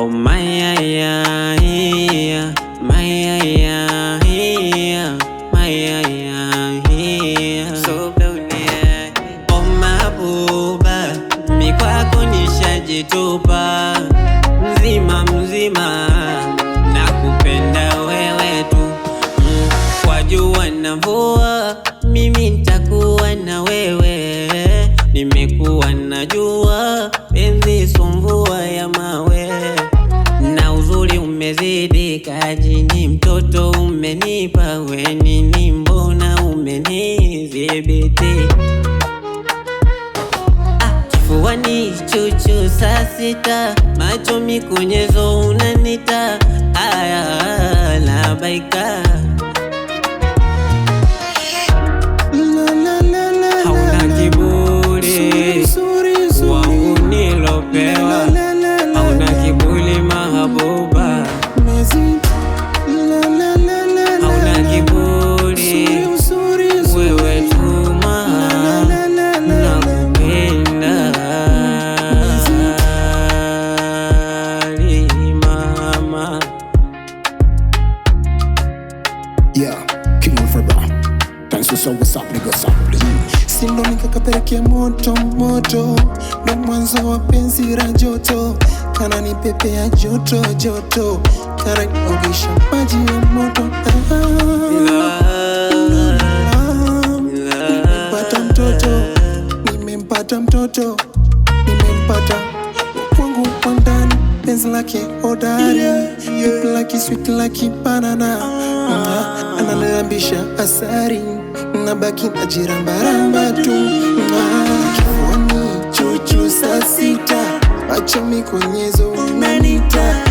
Oh my yeah yeah my yeah yeah my yeah yeah so dunia oh mabuba mikwako nishajitupa mzima mzima na kupenda wewe tu mm, kwa jua na mvua mimi nitakuwa na wewe nimekuwa najua penzi sumbua ya Kaji ni mtoto umenipa weni ni mbona umenidhibiti ah, ni chuchu saa sita macho mikunyezo unani Yeah, King of Thanks for so what's up, nigga, what's up, Sindo nikakapelekea moto moto, ndo mwanzo wa penzi la joto, kana nipepea joto joto, kana niogesha maji ya moto ah, ah, ah. nimempata mtoto, nimempata mtoto Friends like laki People like laki sweet like laki banana ah, Analambisha asari Nabaki na jirambaramba tu Kifuani chuchu sasita sita Acha mikonyezo unanita